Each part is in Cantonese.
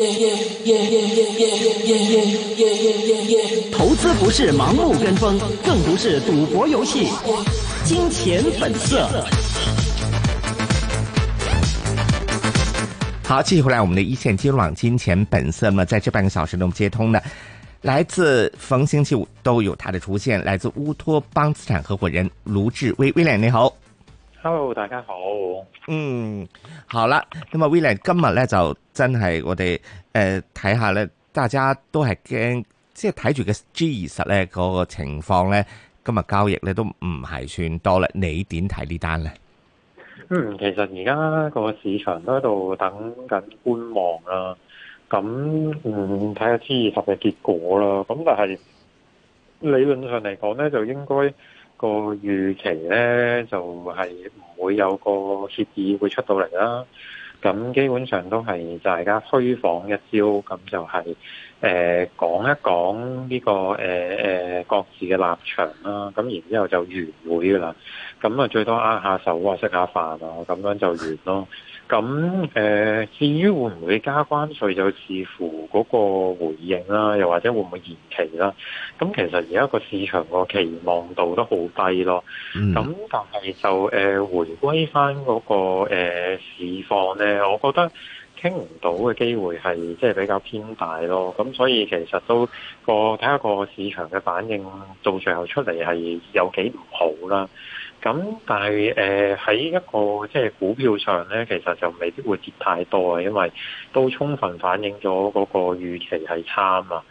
耶耶耶耶耶耶耶耶耶耶，投資不是盲目跟風，更不是賭博遊戲。金錢本色。好，繼續回來，我們的一線金融網《金錢本色》呢，在這半個小時能接通呢。來自逢星期五都有他的出現，來自烏托邦資產合伙人盧志威，威廉，你好。hello，大家好。嗯，好啦，咁啊，William 今日咧就真係我哋誒睇下咧，大家都係驚，即係睇住嘅 G 二十咧嗰個情況咧，今日交易咧都唔係算多啦。你點睇呢單咧？嗯，其實而家個市場都喺度等緊觀望啦、啊。咁嗯，睇下 G 二十嘅結果啦。咁但係理論上嚟講咧，就應該。個預期咧就係、是、唔會有個協議會出到嚟啦，咁基本上都係大家虛晃一招，咁就係誒講一講呢、這個誒誒、呃、各自嘅立場啦，咁然之後就完會啦，咁啊最多握下手啊，食下飯啊，咁樣就完咯。咁誒、呃，至於會唔會加關稅就視乎嗰個回應啦，又或者會唔會延期啦？咁其實而家個市場個期望度都好低咯。咁但係就誒、呃，回歸翻、嗰、嗰個、呃、市況咧，我覺得傾唔到嘅機會係即係比較偏大咯。咁所以其實都個睇下個市場嘅反應，到最後出嚟係有幾唔好啦。咁但係誒喺一個即係股票上咧，其實就未必會跌太多啊，因為都充分反映咗嗰個預期係差嘛。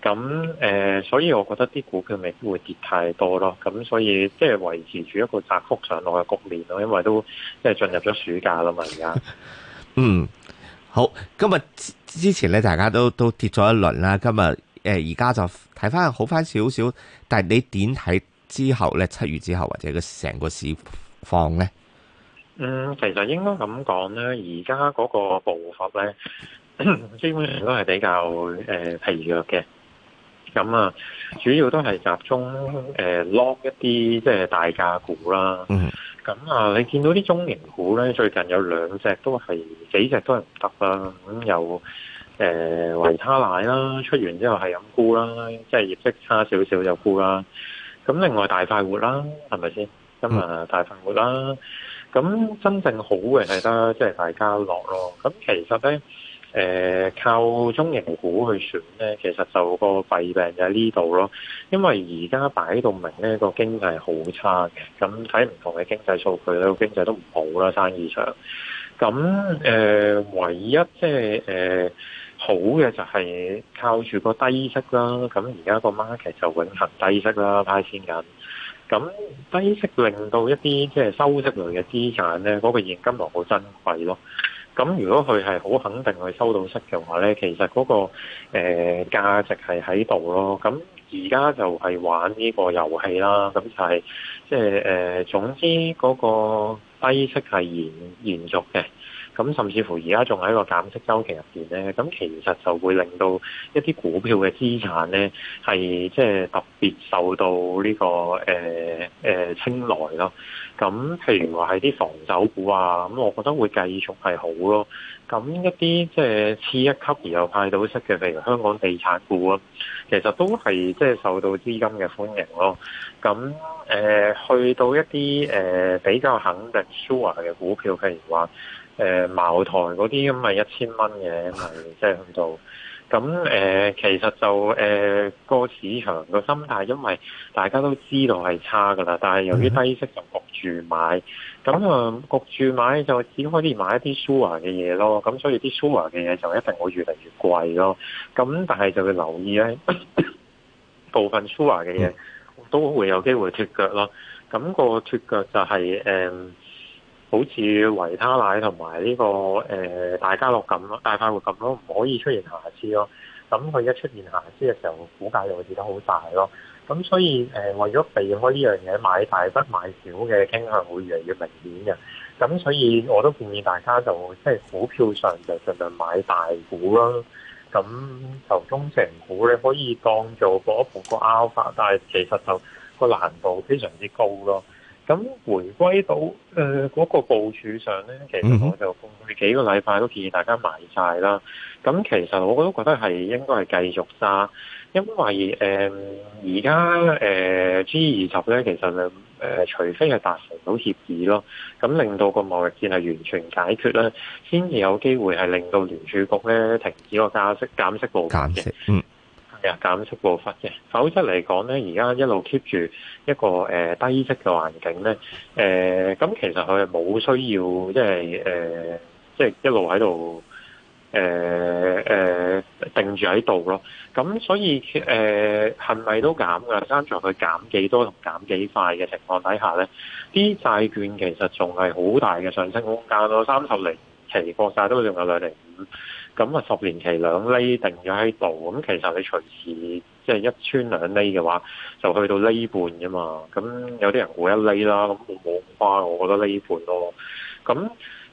咁誒，所以我覺得啲股票未必會跌太多咯。咁所以即係維持住一個窄幅上落嘅局面咯，因為都即係進入咗暑假啦嘛，而家。嗯，好，今日之前咧，大家都都跌咗一輪啦。今日誒，呃，而家就睇翻好翻少少，但係你點睇？之後咧，七月之後或者個成個市況咧，嗯，其實應該咁講咧，而家嗰個步伐咧， 基本上都係比較誒疲、呃、弱嘅。咁啊，主要都係集中誒、呃、lock 一啲即係大價股啦。咁、嗯、啊，你見到啲中型股咧，最近有兩隻都係幾隻都係唔得啦。咁、嗯、有誒維、呃、他奶啦，出完之後係咁沽啦，即係業績差少少就沽啦。咁另外大快活啦，係咪先？今日大快活啦，咁真正好嘅係得即係大家樂咯。咁其實咧，誒、呃、靠中型股去選咧，其實就個弊病就喺呢度咯。因為而家擺到明咧，個經濟好差嘅，咁睇唔同嘅經濟數據咧，經濟都唔好啦，生意上。咁誒、呃、唯一即係誒。呃好嘅就係靠住個低息啦，咁而家個 market 就永恆低息啦，派錢緊。咁低息令到一啲即係收息類嘅資產咧，嗰個現金流好珍貴咯。咁如果佢係好肯定去收到息嘅話咧，其實嗰個誒價值係喺度咯。咁而家就係玩呢個遊戲啦。咁就係即係誒，總之嗰個低息係延延續嘅。咁甚至乎而家仲喺一個減息周期入邊咧，咁其實就會令到一啲股票嘅資產咧，係即係特別受到呢、這個誒誒青睞咯。呃呃咁譬如話係啲防守股啊，咁我覺得會繼續係好咯。咁一啲即係次一級而又派到息嘅，譬如香港地產股啊，其實都係即係受到資金嘅歡迎咯。咁誒、呃、去到一啲誒、呃、比較肯定 sure 嘅股票，譬如話誒、呃、茅台嗰啲咁，咪一千蚊嘅，咁係即係去到。咁誒、呃，其實就誒個、呃、市場個心態，因為大家都知道係差噶啦，但係由於低息就焗住買，咁啊焗住買就只可以買一啲 sure 嘅嘢咯，咁所以啲 sure 嘅嘢就一定會越嚟越貴咯。咁但係就要留意咧， 部分 sure 嘅嘢都會有機會脫腳咯。咁、那個脫腳就係、是、誒。呃好似維他奶同埋呢個誒大家樂咁咯，大快活咁咯，唔可以出現瑕疵咯。咁佢一出現瑕疵嘅時候，股價就會跌得好大咯。咁所以誒、呃，為咗避開呢樣嘢，買大不買小嘅傾向會越嚟越明顯嘅。咁所以我都建議大家就即係股票上就儘量買大股咯。咁求中成股你可以當做嗰一部個 Alpha，但係其實就個難度非常之高咯。咁回歸到誒嗰個部署上咧，其實我就過去幾個禮拜都建議大家買曬啦。咁其實我都覺得係應該係繼續揸，因為誒而家誒 G 二十咧，其實誒、呃、除非係達成到協議咯，咁令到個貿易戰係完全解決啦，先至有機會係令到聯儲局咧停止個加息減息步驟嘅。嗯。減息步伐嘅，否則嚟講咧，而家一路 keep 住一個誒、呃、低息嘅環境咧，誒、呃，咁其實佢係冇需要即係誒，即係、呃、一路喺度誒誒定住喺度咯。咁、嗯、所以誒係咪都減嘅？三在佢減幾多同減幾快嘅情況底下咧，啲債券其實仲係好大嘅上升空間咯。三十年期國債都仲有兩厘五。咁啊，十年期兩厘定咗喺度，咁其實你隨時即係、就是、一穿兩厘嘅話，就去到厘半啫嘛。咁有啲人估一厘啦，咁冇冇咁誇，我覺得厘半咯。咁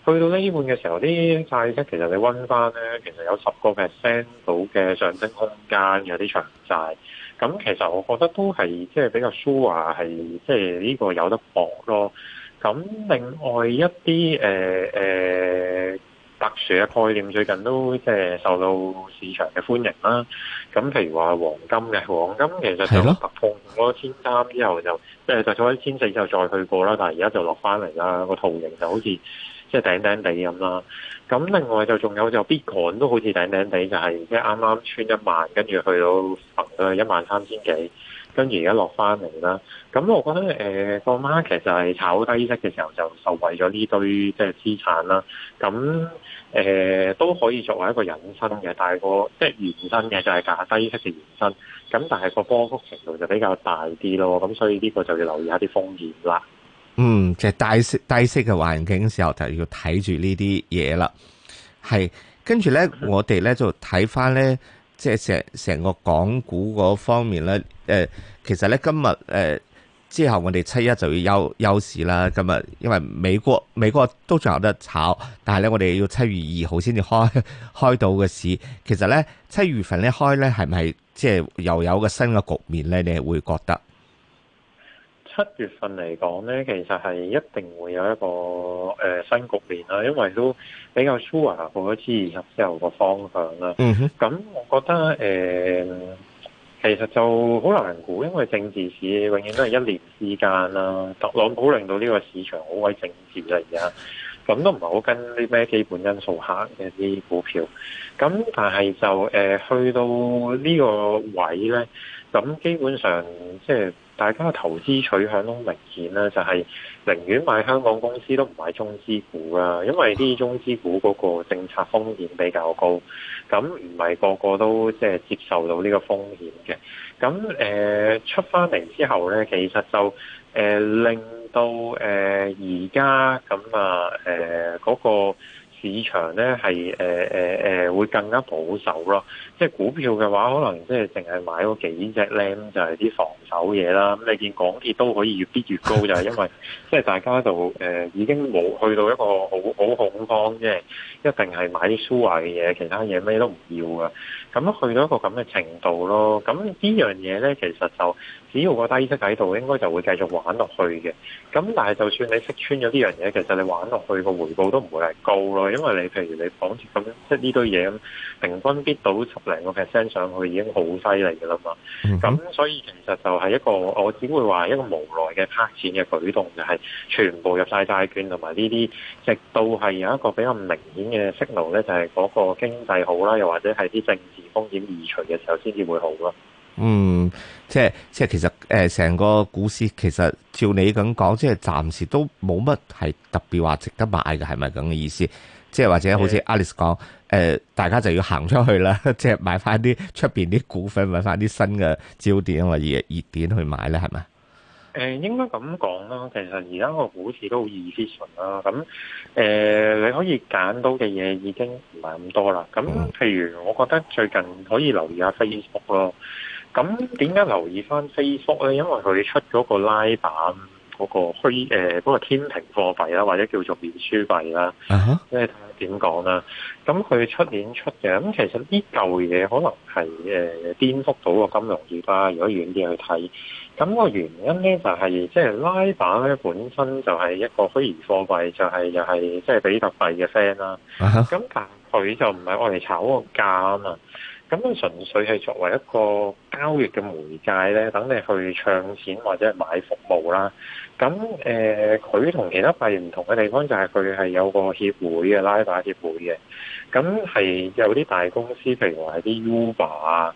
去到厘半嘅時候，啲債息其實你溫翻咧，其實有十個 percent 到嘅上升空間有啲長債。咁其實我覺得都係即係比較 sure 係即係呢個有得搏咯。咁另外一啲誒誒。呃呃特殊嘅概念最近都即係受到市場嘅歡迎啦、啊。咁譬如話黃金嘅黃金其實就突破咗千三之後就，即誒的，就再千四之後就再去過啦，但係而家就落翻嚟啦。個圖形就好似即係頂頂地咁啦、啊。咁另外就仲有就 Bitcoin 都好似頂頂地、就係，就係即係啱啱穿一萬，跟住去到達咗一萬三千幾。跟住而家落翻嚟啦，咁我覺得誒個 market 其實係炒低息嘅時候就受惠咗呢堆即係資產啦，咁誒、呃、都可以作為一個引申嘅，但係個即係延伸嘅就係、是、價低息嘅延伸，咁但係個波幅程度就比較大啲咯，咁所以呢個就要留意下啲風險啦。嗯，即、就、係、是、低息低息嘅環境嘅時候就、嗯，就要睇住呢啲嘢啦。係跟住咧，我哋咧就睇翻咧。即係成成個港股嗰方面咧，誒、呃，其實咧今日誒、呃、之後我哋七一就要休休市啦。今日因為美國美國都仲有得炒，但係咧我哋要七月二號先至開開到嘅市。其實咧七月份咧開咧係咪即係又有個新嘅局面咧？你係會覺得？七月份嚟講呢，其實係一定會有一個誒、呃、新局面啦，因為都比較 sure 咗 G20 之後嘅方向啦。咁我覺得誒、呃，其實就好難估，因為政治市永遠都係一年之間啦，特朗普令到呢個市場好鬼政治啊而家。咁都唔係好跟啲咩基本因素行嘅啲股票，咁但係就誒去到呢個位呢，咁基本上即係大家投資取向都明顯啦，就係寧願買香港公司都唔買中資股啦，因為啲中資股嗰個政策風險比較高，咁唔係個個都即係接受到呢個風險嘅，咁誒出翻嚟之後呢，其實就誒、呃、令到誒而家咁啊誒嗰、呃那個市場咧係誒誒誒會更加保守咯，即係股票嘅話，可能即係淨係買嗰幾隻靚，就係、是、啲防守嘢啦。咁你見港鐵都可以越逼越高，就係、是、因為即係大家就誒、呃、已經冇去到一個好好恐慌，即係一定係買啲舒華嘅嘢，其他嘢咩都唔要啊。咁去到一個咁嘅程度咯，咁呢樣嘢呢，其實就只要個低息喺度，應該就會繼續玩落去嘅。咁但係就算你識穿咗呢樣嘢，其實你玩落去個回報都唔會係高咯，因為你譬如你綁住咁，即係呢堆嘢咁，平均跌到十零個 percent 上去已經好犀利㗎啦嘛。咁、mm hmm. 所以其實就係一個我只會話一個無奈嘅拋錢嘅舉動，就係、是、全部入晒債券同埋呢啲，直到係有一個比較明顯嘅 signal 呢，就係嗰個經濟好啦，又或者係啲政治，風險移除嘅時候先至會好咯。嗯，即係即係其實誒成個股市其實照你咁講，即係暫時都冇乜係特別話值得買嘅，係咪咁嘅意思？即係或者好似 Alice 講誒、呃，大家就要行出去啦，即係買翻啲出邊啲股份，買翻啲新嘅焦點或熱熱點去買咧，係咪？誒、呃，應該咁講啦，其實而家個股市都好 efficient 啦。咁誒、呃，你可以揀到嘅嘢已經唔係咁多啦。咁譬如，我覺得最近可以留意下 Facebook 咯。咁點解留意翻 Facebook 咧？因為佢出咗個拉板嗰個虛，誒、呃，那個天平貨幣啦，或者叫做面書幣啦、啊。啊即係睇下點講啦。咁佢出年出嘅，咁其實呢舊嘢可能係誒、呃、顛覆到個金融業啦。如果遠啲去睇。咁個原因咧就係、是，即係拉把咧本身就係一個虛擬貨幣，就係又係即係比特幣嘅 friend 啦。咁、huh. 但係佢就唔係愛嚟炒個價啊嘛，咁佢純粹係作為一個交易嘅媒介咧，等你去搶錢或者係買服務啦。咁誒，佢、呃、同其他幣唔同嘅地方就係佢係有個協會嘅拉把協會嘅，咁係有啲大公司，譬如話係啲 Uber 啊。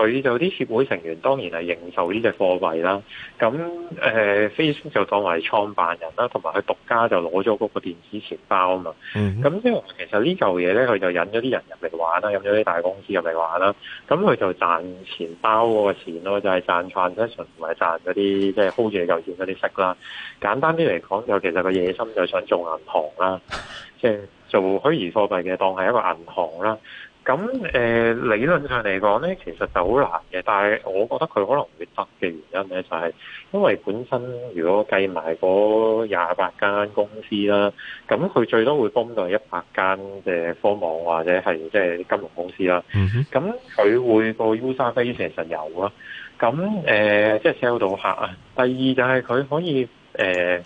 佢就啲協會成員當然係認受呢隻貨幣啦，咁誒、呃、Facebook 就當為創辦人啦，同埋佢獨家就攞咗嗰個電子錢包啊嘛，咁即係其實呢嚿嘢咧，佢就引咗啲人入嚟玩啦，引咗啲大公司入嚟玩啦，咁佢就賺錢包嗰個錢咯，就係、是、賺創新，同埋賺嗰啲即係 hold 住舊錢嗰啲息啦。簡單啲嚟講，就其實個野心就想做銀行啦，即係做虛擬貨幣嘅當係一個銀行啦。咁誒、呃、理論上嚟講咧，其實就好難嘅。但係我覺得佢可能會得嘅原因咧，就係、是、因為本身如果計埋嗰廿八間公司啦，咁佢最多會幫到一百間嘅科網或者係即係金融公司啦。咁佢、mm hmm. 會個 U 三飛成日有啊。咁誒，即、呃、係、就是、sell 到客啊。第二就係佢可以誒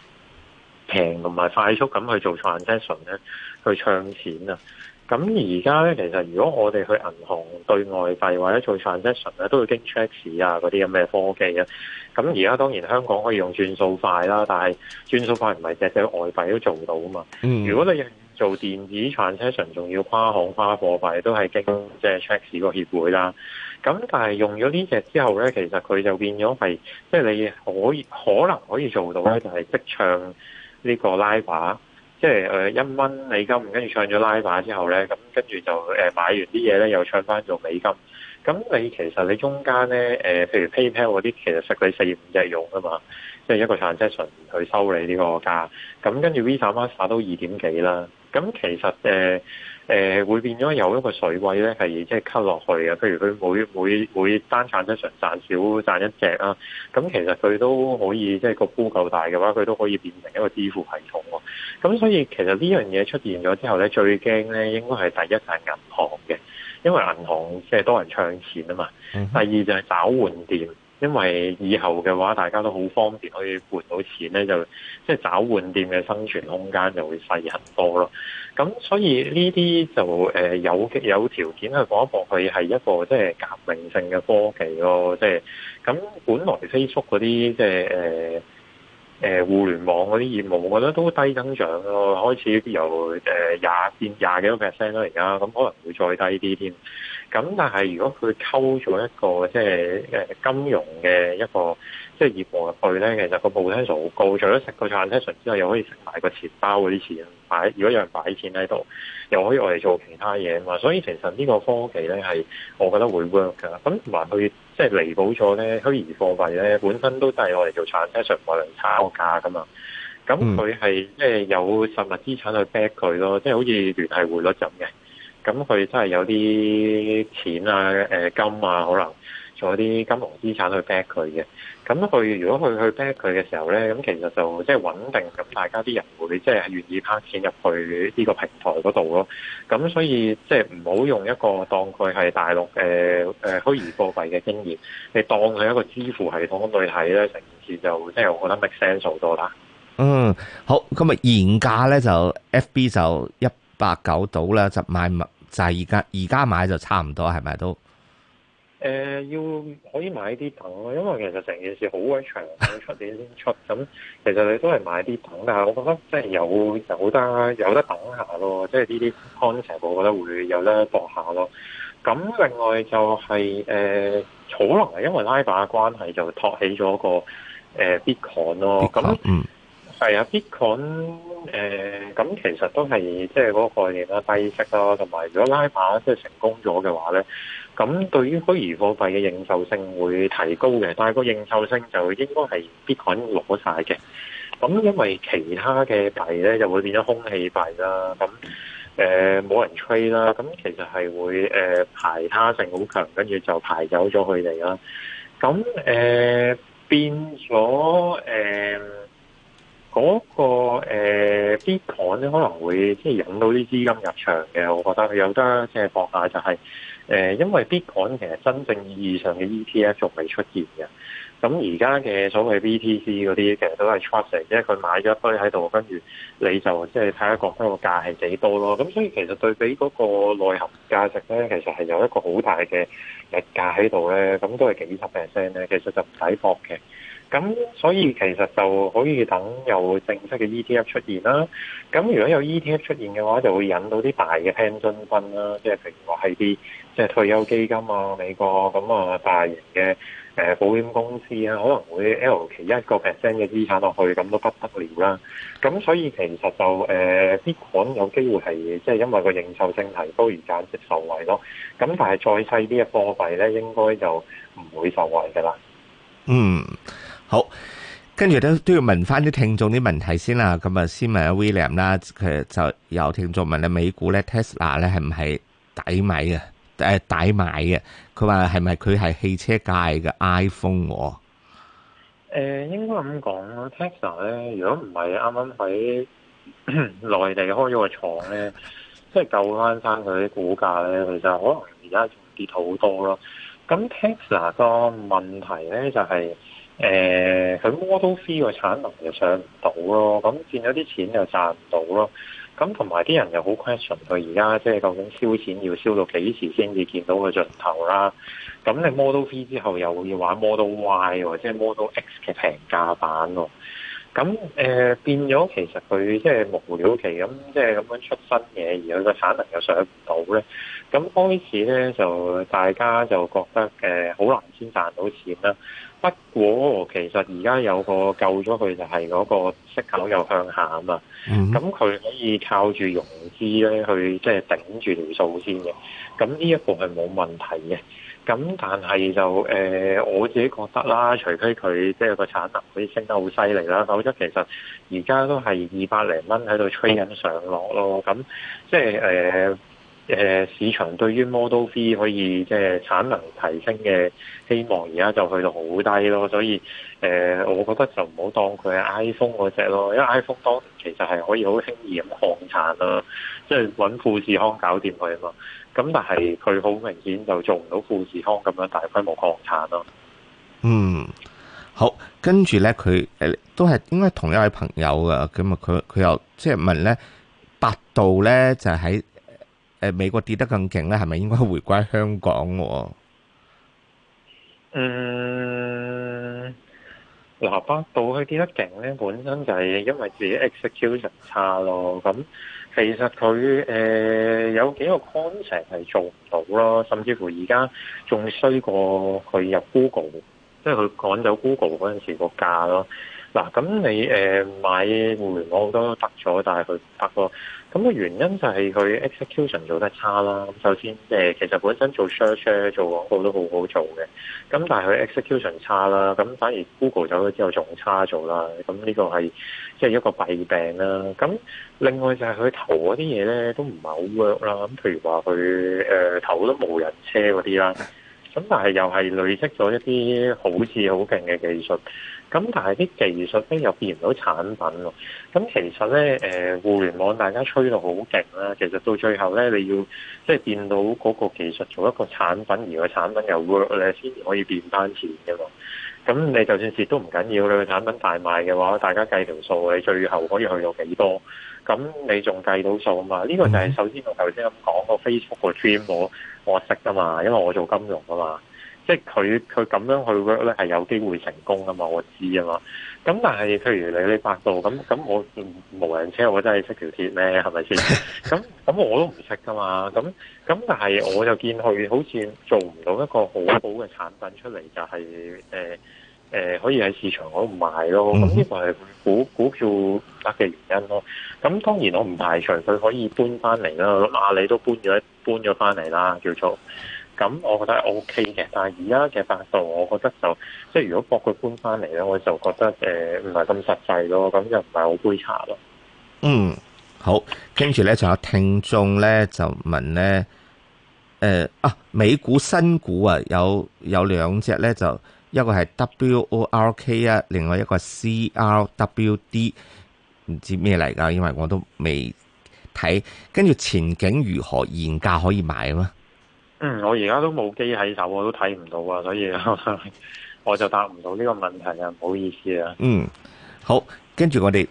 平同埋快速咁去做 transaction 咧，去唱錢啊！咁而家咧，其實如果我哋去銀行兌外幣或者做 transaction 咧，都會經 check 啊嗰啲咁嘅科技啊。咁而家當然香港可以用轉數快啦，但係轉數快唔係隻隻外幣都做到啊嘛。嗯、如果你做電子 transaction，仲要跨行跨貨幣都係經即係 check 市個協會啦。咁但係用咗呢隻之後咧，其實佢就變咗係即係你可以可能可以做到咧，就係即唱呢個拉話。即係誒一蚊美金，跟住唱咗拉把之後咧，咁跟住就誒買完啲嘢咧，又唱翻做美金。咁你其實你中間咧誒，譬如 PayPal 嗰啲，其實識你四五唔用啊嘛，即係一個 transaction 去收你呢個價。咁跟住 Visa、Master 都二點幾啦。咁其實誒。呃誒、呃、會變咗有一個水位咧，係即係吸落去啊！譬如佢每每每單產賺出常賺少賺一隻啦、啊。咁、啊、其實佢都可以即係個波夠大嘅話，佢都可以變成一個支付系統喎、啊。咁所以其實呢樣嘢出現咗之後咧，最驚咧應該係第一就係銀行嘅，因為銀行即係多人搶錢啊嘛。第二就係找換店，因為以後嘅話大家都好方便可以換到錢咧，就即係找換店嘅生存空間就會細很多咯。咁所以呢啲就誒有有條件去講一講，佢係一個即係革命性嘅科技咯。即係咁，本來 Facebook 嗰啲即係誒誒互聯網嗰啲業務，我覺得都低增長咯。開始由誒廿變廿幾個 percent 啦，而家咁可能會再低啲添。咁但係如果佢溝咗一個即係誒金融嘅一個，即係業務入去咧，其實個 potential 好高，除咗食個 transaction 之外，又可以食埋個錢包嗰啲錢擺。如果有人擺錢喺度，又可以我哋做其他嘢啊嘛。所以其實呢個科技咧係，我覺得會 work 噶。咁同埋佢即係彌補咗咧虛擬貨幣咧本身都係我哋做 transaction 我哋炒價噶嘛。咁佢係即係有實物資產去 back 佢咯，即係好似聯繫匯率咁嘅。咁佢真係有啲錢啊、誒、呃、金啊，可能。做啲金融資產去 back 佢嘅，咁佢如果佢去 back 佢嘅時候咧，咁其實就即係穩定，咁大家啲人會即係願意拋錢入去呢個平台嗰度咯。咁所以即係唔好用一個當佢係大陸誒誒、呃呃、虛擬貨幣嘅經驗，你當佢一個支付系統嚟睇咧，成件事就即係我覺得 make sense 好多啦。嗯，好，今日現價咧就 FB 就一百九到啦，就買物就係而家而家買就差唔多，係咪都？誒、呃、要可以買啲等咯，因為其實成件事好鬼長，要出年先出。咁其實你都係買啲等但係，我覺得即係有有得有得等下咯。即係呢啲 concept，我覺得會有得搏下咯。咁另外就係、是、誒，呃、可能係因為拉把嘅關係，就托起咗個誒、呃、Bitcoin 咯。咁 Bitcoin, 那嗯。係啊，Bitcoin 誒、呃、咁其實都係即係嗰個概念啦、啊，低息啦、啊，同埋如果拉把即係成功咗嘅話咧，咁對於虛擬貨幣嘅認受性會提高嘅，但係個認受性就應該係 Bitcoin 攞晒嘅。咁因為其他嘅幣咧就會變咗空氣幣啦、啊，咁誒冇人吹啦、啊，咁其實係會誒、呃、排他性好強，跟住就排走咗佢哋啦。咁誒、呃、變咗誒。呃嗰、那個、呃、Bitcoin 咧可能會即係引到啲資金入場嘅，我覺得佢有得即係博下，就係誒，因為 Bitcoin 其實真正意義上嘅 ETF 仲未出現嘅。咁而家嘅所謂 BTC 嗰啲其實都係 trust 即係佢買咗一堆喺度，跟住你就即係睇下嗰堆個價係幾多咯。咁所以其實對比嗰個內涵價值咧，其實係有一個好大嘅溢價喺度咧，咁都係幾十 percent 咧，其實就唔使博嘅。咁所以其實就可以等有正式嘅 ETF 出現啦。咁如果有 ETF 出現嘅話，就會引到啲大嘅聽進軍啦。即係譬如話係啲即係退休基金啊、美國咁啊，大型嘅誒保險公司啊，可能會 L 其一個 percent 嘅資產落去，咁都不得了啦。咁所以其實就誒啲款有機會係即係因為個認受性提高而間接受惠咯。咁但係再細啲嘅貨幣咧，應該就唔會受惠噶啦。嗯。好，跟住都都要問翻啲聽眾啲問題先啦。咁啊，先問阿 William 啦，佢就有聽眾問你美股咧 Tesla 咧係唔係抵買嘅？誒、呃，抵買嘅。佢話係咪佢係汽車界嘅 iPhone？誒、呃，應該咁講啦。Tesla 咧，如果唔係啱啱喺內地開咗個廠咧，即係救翻翻佢啲股價咧，佢就可能而家仲跌好多咯。咁 Tesla 個問題咧就係、是。誒，佢、呃、Model Three 個產能又上唔到咯，咁變咗啲錢又賺唔到咯。咁同埋啲人又好 question 佢而家即係究竟燒錢要燒到幾時先至見到個盡頭啦？咁你 Model Three 之後又要玩 Model Y 喎、呃，即係 Model X 嘅平價版喎。咁誒變咗其實佢即係無聊期咁，即係咁樣出新嘢，而佢個產能又上唔到咧。咁開始咧就大家就覺得誒好、呃、難先賺到錢啦。不過其實而家有個救咗佢，就係嗰個息口又向下啊嘛，咁佢、mm hmm. 可以靠住融資咧去即係頂住條數先嘅，咁呢一步係冇問題嘅。咁但係就誒、呃、我自己覺得啦，除非佢即係個產能，佢升得好犀利啦，否則其實而家都係二百零蚊喺度吹緊上落咯。咁即係誒。呃誒市場對於 Model V 可以即係、就是、產能提升嘅希望，而家就去到好低咯，所以誒、呃，我覺得就唔好當佢係 iPhone 嗰隻咯，因為 iPhone 當年其實係可以好輕易咁擴產啦，即係揾富士康搞掂佢啊嘛。咁但係佢好明顯就做唔到富士康咁樣大規模擴產咯。啊、嗯，好，跟住咧佢誒都係應該同一位朋友噶，咁啊佢佢又即係問咧，百度咧就喺、是。誒美國跌得更勁咧，係咪應該回歸香港？嗯，嗱百度佢跌得勁咧，本身就係因為自己 execution 差咯。咁其實佢誒、呃、有幾個 concept 係做唔到咯，甚至乎而家仲衰過佢入 Google，即係佢趕走 Google 嗰陣時個價咯。嗱，咁、啊、你誒、呃、買互聯網好多都得咗，但係佢得過，咁個原因就係佢 execution 做得差啦。首先誒、呃，其實本身做 search 做廣告都好好做嘅，咁但係佢 execution 差啦，咁反而 Google 走咗之後仲差做啦。咁呢個係即係一個弊病啦。咁另外就係佢投嗰啲嘢咧都唔係好 work 啦。咁譬如話佢誒投嗰啲無人車嗰啲啦，咁但係又係累積咗一啲好似好勁嘅技術。咁但係啲技術咧又變唔到產品咯，咁其實咧誒互聯網大家吹到好勁啦，其實到最後咧你要即係變到嗰個技術做一個產品，而個產品又 work 咧，先至可以變翻錢嘅嘛。咁你就算蝕都唔緊要你個產品大賣嘅話，大家計條數，你最後可以去到幾多？咁你仲計到數啊嘛？呢個就係首先我頭先咁講個 Facebook 個 Dream，我我識噶嘛，因為我做金融噶嘛。即係佢佢咁樣去 work 咧係有機會成功㗎嘛？我知㗎嘛。咁但係，譬如你呢百度咁咁，我無人車我真係識條鐵咩？係咪先？咁咁我都唔識㗎嘛。咁咁但係，我就見佢好似做唔到一個好好嘅產品出嚟，就係，就係誒誒可以喺市場度賣咯。咁呢個係股股票唔得嘅原因咯。咁當然我唔排除佢可以搬翻嚟啦。我諗阿里都搬咗搬咗翻嚟啦，叫做。咁我覺得係 O K 嘅，但係而家嘅幅度，我覺得就即係如果博佢搬返嚟咧，我就覺得誒唔係咁實際咯，咁又唔係好杯茶咯。嗯，好，跟住咧仲有聽眾咧就問咧，誒、呃、啊美股新股啊有有兩隻咧，就一個係 W O R K 啊，另外一個 C R W D 唔知咩嚟噶，因為我都未睇，跟住前景如何，現價可以買吖嘛？嗯、我而家都冇機喺手，我都睇唔到啊，所以我， 我就答唔到呢個問題啊，唔好意思啊。嗯，好，跟住我哋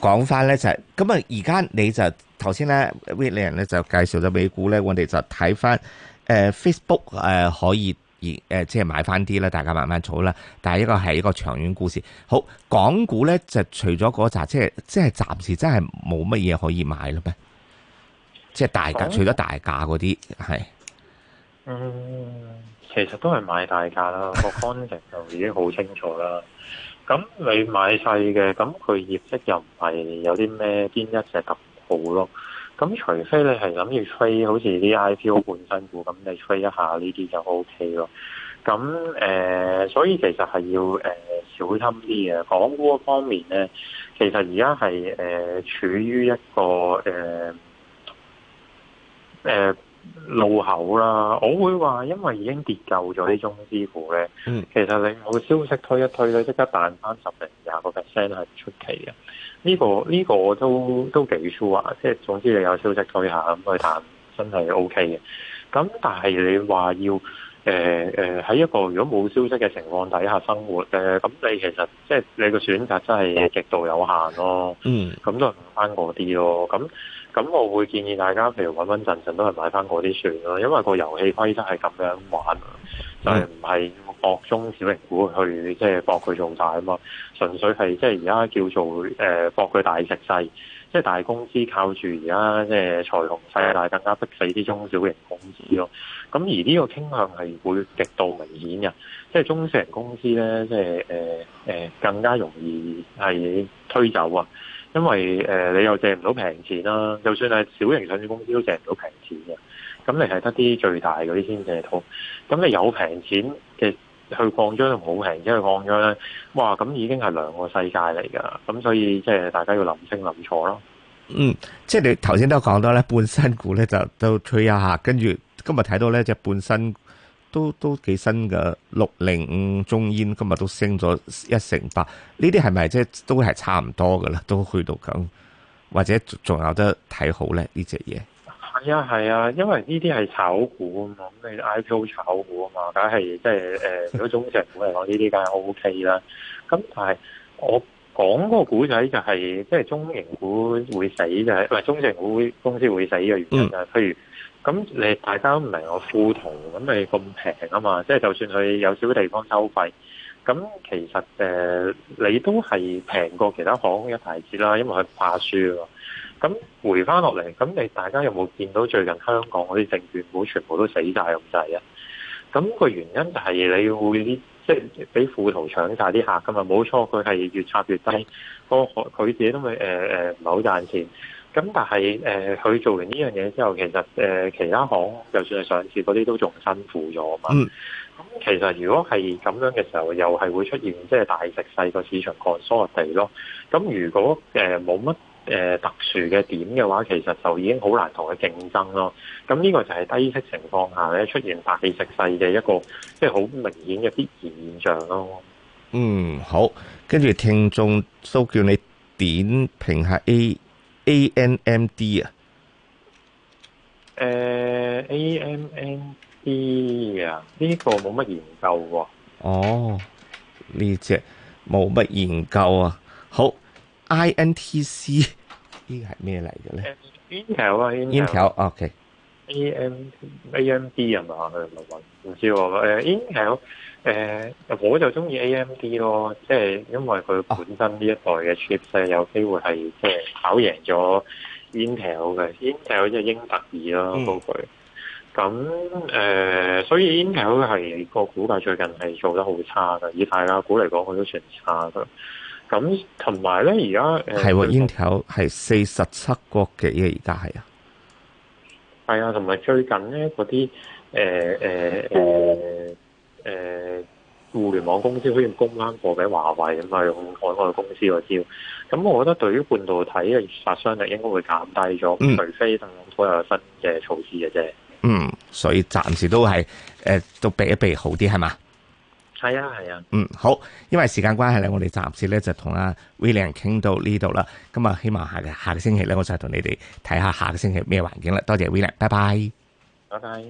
講翻呢，就係咁啊，而家你就頭先呢 William 咧就介紹咗美股呢。我哋就睇翻誒 Facebook 誒、呃、可以誒即係買翻啲啦，大家慢慢儲啦。但係呢個係一個長遠故事。好，港股呢，就除咗嗰扎即係即係暫時真係冇乜嘢可以買咧咩？即、就、係、是、大價，哦、除咗大價嗰啲係。嗯，其實都係買大價啦，各方值就已經好清楚啦。咁你買細嘅，咁佢業績又唔係有啲咩邊一隻特好咯。咁除非你係諗住吹好似啲 IPO 本身股，咁你吹一下呢啲就 OK 咯。咁誒、呃，所以其實係要誒、呃、小心啲嘅。港股方面咧，其實而家係誒處於一個誒誒。呃呃路口啦，我會話，因為已經跌夠咗呢種支付咧，其實你冇消息推一推咧、這個這個，即刻彈翻十零廿個 percent 係唔出奇嘅。呢個呢個都都幾 sure 即係總之你有消息推下咁去彈，真係 OK 嘅。咁但係你話要誒誒喺一個如果冇消息嘅情況底下生活誒，咁、呃、你其實即係你個選擇真係極度有限咯。嗯，咁都係唔翻嗰啲咯。咁。咁我會建議大家，譬如穩穩陣陣都係買翻嗰啲算咯，因為個遊戲規則係咁樣玩，的就係唔係博中小型股去，即係博佢做大啊嘛，純粹係即係而家叫做誒博佢大食勢，即、就、係、是、大公司靠住而家即係財雄勢大，更加逼死啲中小型公司咯。咁、嗯、而呢個傾向係會極度明顯嘅，即、就、係、是、中小型公司咧，即係誒誒，更加容易係推走啊。因為誒，你又借唔到平錢啦，就算係小型上市公司都借唔到平錢嘅，咁你係得啲最大嗰啲先借到，咁你有平錢嘅去擴張都唔好平，即係擴張咧，哇，咁已經係兩個世界嚟噶，咁所以即係大家要諗清諗楚咯。嗯，即係你頭先都講到咧，半新股咧就都吹一下，跟住今日睇到咧隻半新。都都幾新嘅六零五中煙，今日都升咗一成八。呢啲係咪即係都係差唔多嘅啦？都去到咁，或者仲有得睇好咧？呢隻嘢係啊，係啊，因為呢啲係炒股啊嘛，咁你 IPO 炒股啊嘛，梗係即係誒，如果中小型股嚟講，呢啲梗係 OK 啦。咁但係我。講嗰個股仔就係、是、即係中型股會死就係，唔係中型股公司會死嘅原因就啦、是。譬如咁，你大家都唔明我附圖，咁你咁平啊嘛？即係就算佢有少少地方收費，咁其實誒、呃、你都係平過其他行一大截啦，因為佢怕輸啊嘛。咁回翻落嚟，咁你大家有冇見到最近香港嗰啲證券股全部都死晒咁滯啊？咁、那個原因就係你會。即係俾富途搶晒啲客㗎嘛，冇錯，佢係越插越低。個，佢自己都咪誒誒唔係好賺錢。咁但係誒佢做完呢樣嘢之後，其實誒、呃、其他行就算係上市嗰啲都仲辛苦咗啊嘛。咁其實如果係咁樣嘅時候，又係會出現即係、就是、大食細個市場乾疏落地咯。咁如果誒冇乜。呃誒、呃，特殊嘅點嘅話，其實就已經好難同佢競爭咯。咁呢個就係低息情況下咧出現大起直勢嘅一個，即係好明顯嘅必然現象咯。嗯，好。跟住聽眾都叫你點評下 A A M M D 啊。誒、呃、，A M M D 啊，呢、這個冇乜研究喎。哦，呢隻冇乜研究啊。好。INTC 呢個係咩嚟嘅咧？Intel，OK，A 啊 i M A M D 係嘛？唔 Intel, Okay. AM, 知喎，誒、uh, Intel，誒、uh, 我就中意 A M D 咯，即係因為佢本身呢一代嘅 chip 係有機會係即係跑贏咗 Int Intel 嘅，Intel 即係英特爾咯，高佢、mm.。咁誒，所以 Intel 係個股價最近係做得好差嘅，以太啦，估嚟講，佢都算差嘅。咁同埋咧，而家係喎，Intel 係四十七個幾嘅，而家係啊，係啊，同埋最近咧，嗰啲誒誒誒誒互聯網公司好似公啱過俾華為啊嘛，用海外公司個招，咁我覺得對於半導體嘅殺傷力應該會減低咗，嗯、除非特朗普有新嘅措施嘅啫。嗯，所以暫時都係誒、呃，都避一避好啲，係嘛？係啊，係啊。嗯，好。因為時間關係咧，我哋暫時咧就同阿 William 傾到呢度啦。咁啊，希望下嘅下個星期咧，我再同你哋睇下下個星期咩環境啦。多謝 William，拜拜。拜拜。